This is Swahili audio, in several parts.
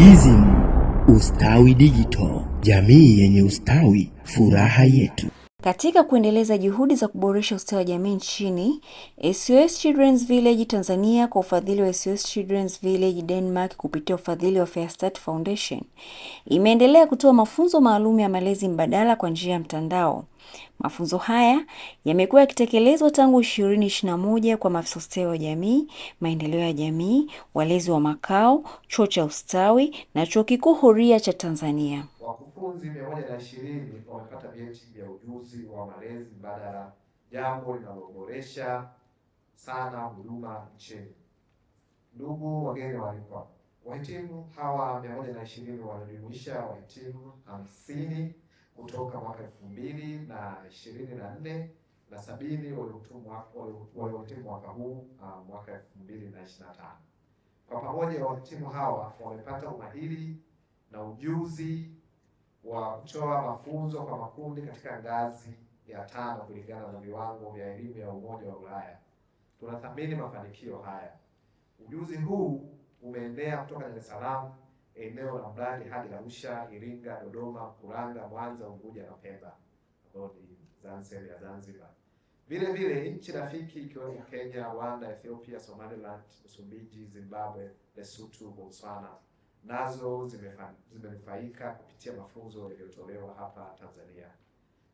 Dizim, Ustawi Digital, jamii yenye ustawi, furaha yetu. Katika kuendeleza juhudi za kuboresha ustawi wa jamii nchini, SOS Children's Village Tanzania kwa ufadhili wa SOS Children's Village Denmark kupitia ufadhili wa Start Foundation imeendelea kutoa mafunzo maalum ya malezi mbadala kwa njia ya mtandao. Mafunzo haya yamekuwa yakitekelezwa tangu 2021 kwa maafisa ustawi wa jamii, maendeleo ya jamii, walezi wa makao, chuo cha ustawi na chuo kikuu huria cha Tanzania wanafunzi mia moja na ishirini wamepata vyeti vya ujuzi wa malezi mbadala, jambo linaloboresha sana huduma nchini. Ndugu wageni waalikwa, wahitimu hawa mia moja na ishirini wanajumuisha wahitimu hamsini kutoka mwaka elfu mbili na ishirini na nne na sabini waliohitimu mwaka huu ah, mwaka elfu mbili na ishirini na tano. Kwa pamoja wahitimu hawa wamepata umahiri na ujuzi wa kutoa mafunzo kwa makundi katika ngazi ya tano kulingana na viwango vya elimu ya Umoja wa Ulaya. Tunathamini mafanikio haya. Ujuzi huu umeenea kutoka Dar es Salaam, eneo la mradi hadi Arusha, Iringa, Dodoma, Mkuranga, Mwanza, Unguja na Pemba ambayo ni Zanzibar ya Zanzibar. Vile vile nchi rafiki ikiwemo Kenya, Rwanda, Ethiopia, Somaliland, Msumbiji, Zimbabwe, Lesotho, Botswana nazo zimenufaika kupitia mafunzo yaliyotolewa hapa Tanzania.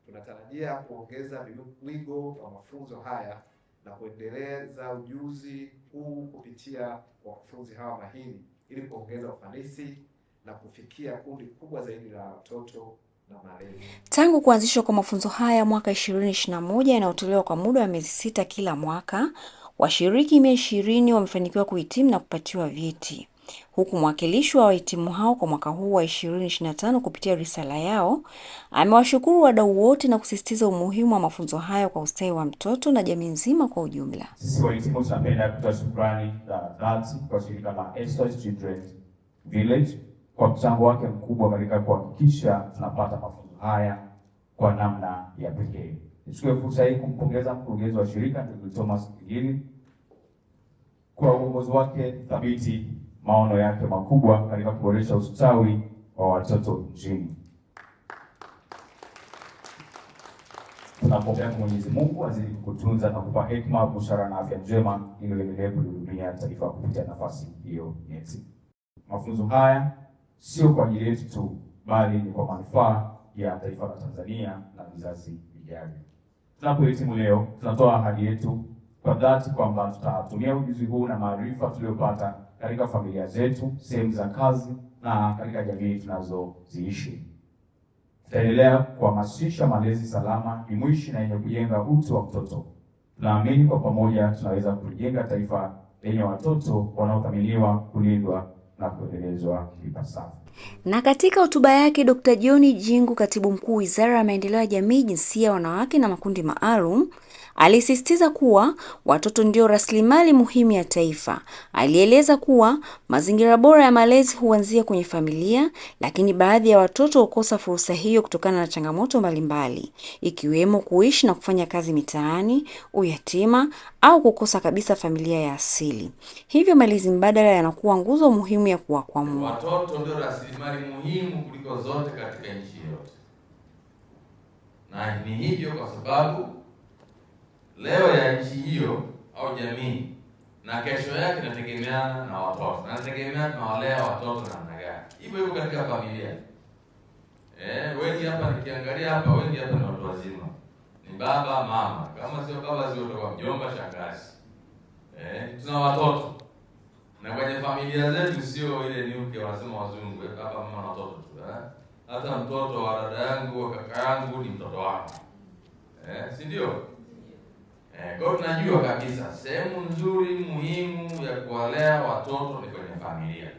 Tunatarajia kuongeza wigo wa mafunzo haya na kuendeleza ujuzi huu kupitia wakufunzi hawa mahiri ili kuongeza ufanisi na kufikia kundi kubwa zaidi la watoto na malezi. Tangu kuanzishwa kwa mafunzo haya mwaka 2021 yanayotolewa kwa muda wa miezi sita kila mwaka, washiriki mia ishirini wamefanikiwa kuhitimu na kupatiwa vyeti huku mwakilishi wa wahitimu hao kwa mwaka huu wa 2025 kupitia risala yao amewashukuru wadau wote na kusisitiza umuhimu wa mafunzo hayo kwa ustawi wa mtoto na jamii nzima kwa ujumla. Sisi wahitimu tunapenda kutoa shukrani za dhati kwa shirika la SOS Children's Village kwa mchango wake mkubwa katika kuhakikisha tunapata mafunzo haya kwa namna ya pekee. Nichukue fursa hii kumpongeza mkurugenzi wa shirika ndugu Thomas Kigili kwa uongozi wake thabiti maono yake makubwa katika kuboresha ustawi wa watoto nchini. Tunapombea Mwenyezi Mungu azidi kukutunza na kupa hekima, busara na afya njema ili uendelee kuhudumia taifa kupitia nafasi hiyo nyeti. Mafunzo haya sio kwa ajili yetu tu, bali ni kwa manufaa ya taifa la Tanzania na vizazi vijavyo. Tunapohitimu leo, tunatoa ahadi yetu kwa dhati kwamba tutatumia ujuzi huu na maarifa tuliyopata katika familia zetu, sehemu za kazi na katika jamii tunazoziishi. Tutaendelea kuhamasisha malezi salama, jumuishi na yenye kujenga utu wa mtoto. Tunaamini kwa pamoja tunaweza kujenga taifa lenye watoto wanaothaminiwa, kulindwa na kuendelezwa ipasavyo. Na katika hotuba yake Dkt. John Jingu, katibu mkuu Wizara ya Maendeleo ya Jamii, Jinsia, Wanawake na Makundi Maalum, alisisitiza kuwa watoto ndio rasilimali muhimu ya taifa. Alieleza kuwa mazingira bora ya malezi huanzia kwenye familia, lakini baadhi ya watoto hukosa fursa hiyo kutokana na changamoto mbalimbali, ikiwemo kuishi na kufanya kazi mitaani, uyatima au kukosa kabisa familia ya asili. Hivyo malezi mbadala yanakuwa nguzo muhimu ya kuwakwamua watoto ndio rasilimali muhimu kuliko zote katika nchi yote, na ni hivyo kwa sababu leo ya nchi hiyo au jamii na kesho yake inategemeana na watoto, na tunawalea watoto namna gani. Hivyo hivyo katika familia eh, wengi hapa nikiangalia hapa, wengi hapa ni watu wazima, ni baba mama, kama sio baba sio mjomba, shangazi eh, tuna watoto na kwenye familia zetu sio ile niuke, wanasema wazungu hapa, mama na watoto tu eh? Hata mtoto wa dada yangu wa kaka yangu ni mtoto wangu eh, si ndio? Eh, kwa tunajua kabisa sehemu nzuri muhimu ya kuwalea watoto ni kwenye familia,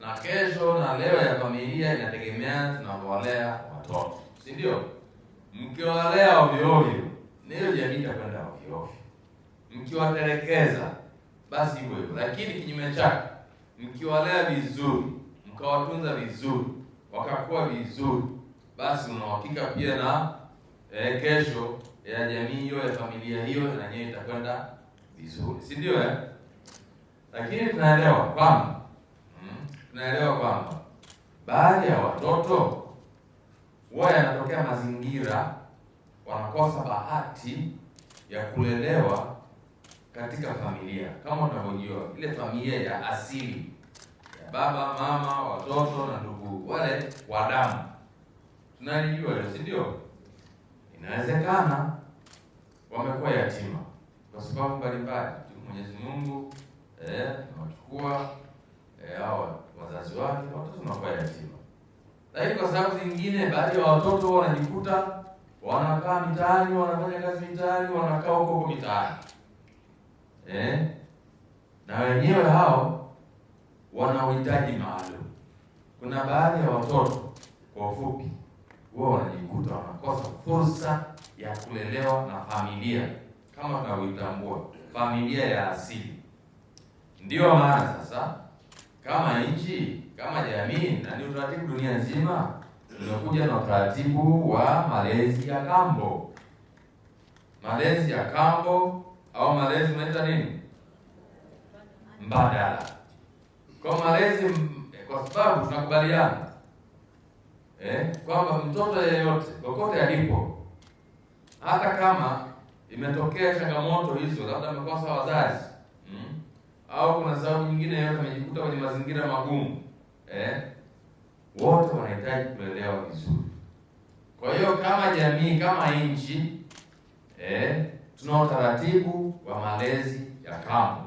na kesho na leo ya familia inategemea tunavyowalea watoto, si ndio? Mkiwalea ovyo ovyo, nayo jamii itakwenda ovyo ovyo. Mkiwatelekeza basi hivyo hivyo. Lakini kinyume chake, mkiwalea vizuri, mkawatunza vizuri, wakakuwa vizuri, basi unahakika pia na eh, kesho ya jamii hiyo ya familia hiyo na nyewe itakwenda vizuri, si ndio eh? Lakini tunaelewa kwamba mm, tunaelewa kwamba baadhi ya watoto huwa yanatokea mazingira wanakosa bahati ya kulelewa katika familia kama unavyojua ile familia ya asili ya baba, mama, watoto na ndugu wale wa damu, tunalijua hilo, si ndio? Inawezekana wamekuwa yatima kwa sababu mbalimbali, Mwenyezi Mungu eh, eh hao eh, wazazi wake, watoto wanakuwa yatima, lakini kwa sababu zingine, baadhi ya watoto wanajikuta wanakaa mitaani, wanafanya kazi mitaani, wanakaa huko huko mitaani eh? na wenyewe hao wana uhitaji maalum. Kuna baadhi ya watoto kwa ufupi, huwa wanajikuta wanakosa fursa ya kulelewa na familia kama tunavyoitambua familia ya asili. Ndiyo maana sasa kama nchi, kama jamii, na ni utaratibu dunia nzima, tunakuja na utaratibu wa malezi ya kambo, malezi ya kambo au malezi mnaita nini mbadala. Kwa malezi, kwa sababu tunakubaliana eh, kwamba mtoto yeyote kokote alipo, hata kama imetokea changamoto hizo, labda amekosa wazazi mm, au kuna sababu nyingine yeyote, amejikuta kwenye mazingira magumu eh, wote wanahitaji kuelewa vizuri. Kwa hiyo kama jamii, kama nchi eh Tuna utaratibu wa malezi ya kambo,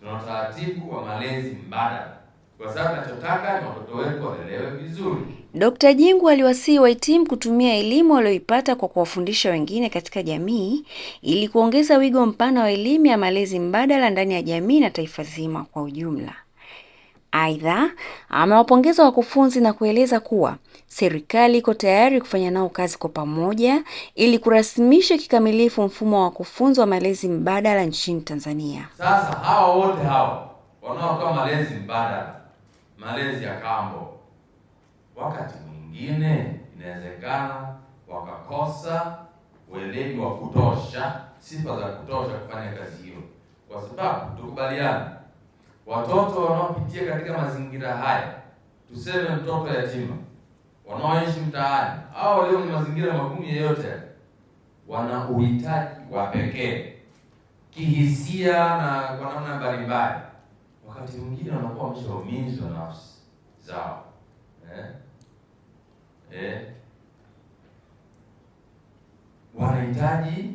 tuna utaratibu wa malezi mbadala, kwa sababu tunachotaka ni watoto wetu walelewe vizuri. Dkt. Jingu aliwasihi wahitimu kutumia elimu walioipata kwa kuwafundisha wengine katika jamii ili kuongeza wigo mpana wa elimu ya malezi mbadala ndani ya jamii na taifa zima kwa ujumla. Aidha, amewapongeza wakufunzi na kueleza kuwa serikali iko tayari kufanya nao kazi kwa pamoja ili kurasimisha kikamilifu mfumo wa wakufunzi wa malezi mbadala nchini Tanzania. Sasa hawa wote hawa wanaotoa malezi mbadala, malezi ya kambo, wakati mwingine inawezekana wakakosa ueledi wa kutosha, sifa za kutosha kufanya kazi hiyo, kwa sababu tukubaliana Watoto wanaopitia katika mazingira haya, tuseme mtoto yatima, wanaoishi mtaani au walio ni mazingira magumu yeyote, wana uhitaji wa pekee kihisia na kwa namna mbalimbali. Wakati mwingine wanakuwa wameshaumizwa nafsi zao eh? Eh? wanahitaji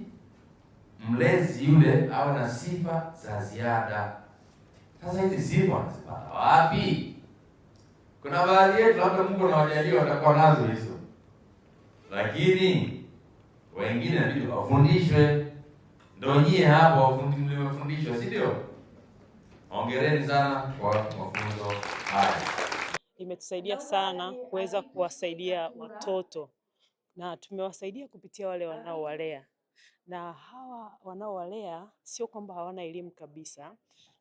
mlezi yule awe na sifa za ziada sasa hizi sifa wanazipata wapi? Kuna baadhi yetu labda Mungu anawajalia watakuwa nazo hizo, lakini wengine ndio wafundishwe. Ndio nyie hapo wafundishwe, si ndio? Hongereni sana kwa mafunzo haya, imetusaidia sana kuweza kuwasaidia watoto na tumewasaidia kupitia wale wanaowalea, na hawa wanaowalea sio kwamba hawana elimu kabisa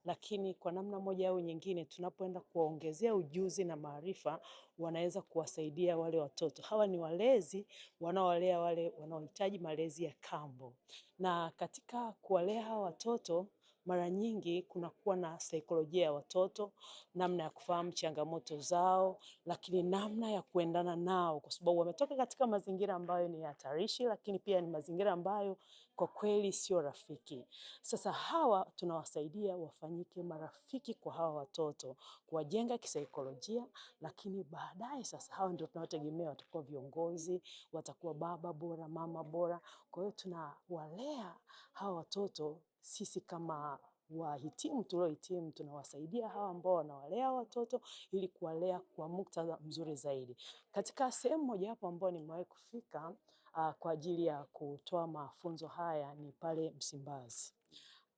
lakini kwa namna moja au nyingine tunapoenda kuwaongezea ujuzi na maarifa, wanaweza kuwasaidia wale watoto. Hawa ni walezi wanaowalea wale wanaohitaji malezi ya kambo, na katika kuwalea hawa watoto mara nyingi kunakuwa na saikolojia ya watoto, namna ya kufahamu changamoto zao, lakini namna ya kuendana nao, kwa sababu wametoka katika mazingira ambayo ni hatarishi, lakini pia ni mazingira ambayo kwa kweli sio rafiki. Sasa hawa tunawasaidia wafanyike marafiki kwa hawa watoto, kuwajenga kisaikolojia, lakini baadaye sasa hawa ndio tunawategemea watakuwa viongozi, watakuwa baba bora, mama bora. Kwa hiyo tunawalea hawa watoto sisi kama wahitimu tuliohitimu tunawasaidia hawa ambao wanawalea watoto ili kuwalea kwa muktadha mzuri zaidi. Katika sehemu moja hapo ambayo nimewahi kufika uh, kwa ajili ya kutoa mafunzo haya ni pale Msimbazi.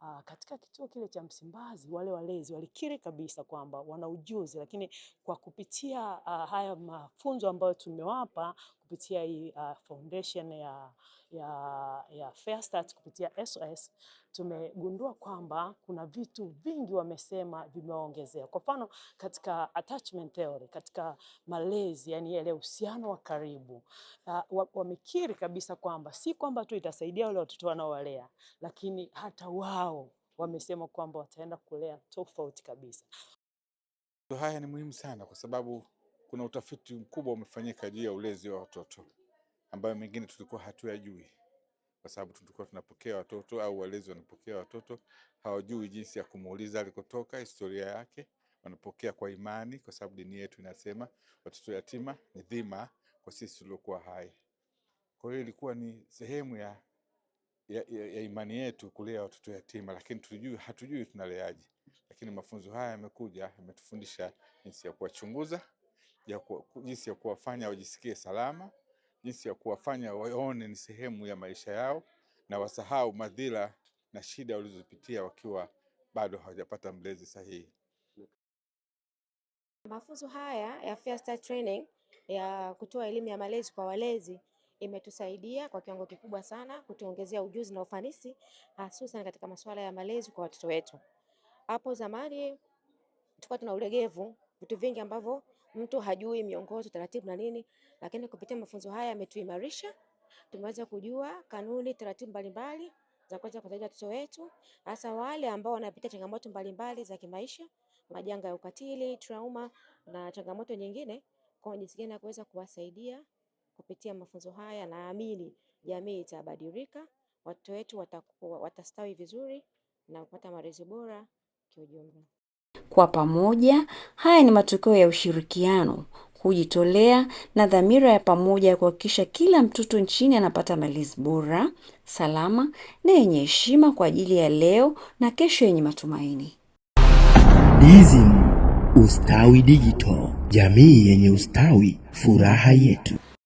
Uh, katika kituo kile cha Msimbazi wale walezi walikiri kabisa kwamba wana ujuzi, lakini kwa kupitia uh, haya mafunzo ambayo tumewapa kupitia hii uh, foundation ya, ya, ya Fair Start kupitia SOS tumegundua kwamba kuna vitu vingi wamesema vimeongezea. Kwa mfano katika attachment theory, katika malezi, yani ile uhusiano wa karibu uh, wamekiri kabisa kwamba si kwamba tu itasaidia wale watoto wanaowalea, lakini hata wao wamesema kwamba wataenda kulea tofauti kabisa. Haya ni muhimu sana kwa sababu kuna utafiti mkubwa umefanyika juu ya ulezi wa watoto ambayo mengine tulikuwa hatuyajui, kwa sababu tulikuwa tunapokea watoto au walezi wanapokea watoto, hawajui jinsi ya kumuuliza alikotoka, historia yake. Wanapokea kwa imani, kwa sababu dini yetu inasema watoto yatima ni dhima kwa sisi tuliokuwa hai. Kwa hiyo ilikuwa ni sehemu ya, ya, ya, ya imani yetu kulea watoto yatima, lakini tulijui, hatujui tunaleaje. Lakini mafunzo haya yamekuja, yametufundisha jinsi ya kuwachunguza ya ku, jinsi ya kuwafanya wajisikie salama, jinsi ya kuwafanya waone ni sehemu ya maisha yao na wasahau madhila na shida walizopitia wakiwa bado hawajapata mlezi sahihi. Mafunzo haya ya Fair Start Training ya kutoa elimu ya malezi kwa walezi imetusaidia kwa kiwango kikubwa sana kutuongezea ujuzi na ufanisi hususan katika masuala ya malezi kwa watoto wetu. Hapo zamani tulikuwa tuna ulegevu, vitu vingi ambavyo mtu hajui miongozo, taratibu na nini, lakini kupitia mafunzo haya yametuimarisha. Tumeweza kujua kanuni, taratibu mbalimbali za kuweza kusaidia watoto wetu, hasa wale ambao wanapitia changamoto mbalimbali za kimaisha, majanga ya ukatili, trauma na changamoto nyingine, kwa jinsi gani ya kuweza kuwasaidia kupitia mafunzo haya. Naamini jamii itabadilika, watoto wetu watastawi vizuri na kupata malezi bora kiujumla kwa pamoja. Haya ni matokeo ya ushirikiano, kujitolea na dhamira ya pamoja ya kuhakikisha kila mtoto nchini anapata malezi bora, salama na yenye heshima kwa ajili ya leo na kesho yenye matumaini. DSM Ustawi Digital, jamii yenye ustawi, furaha yetu.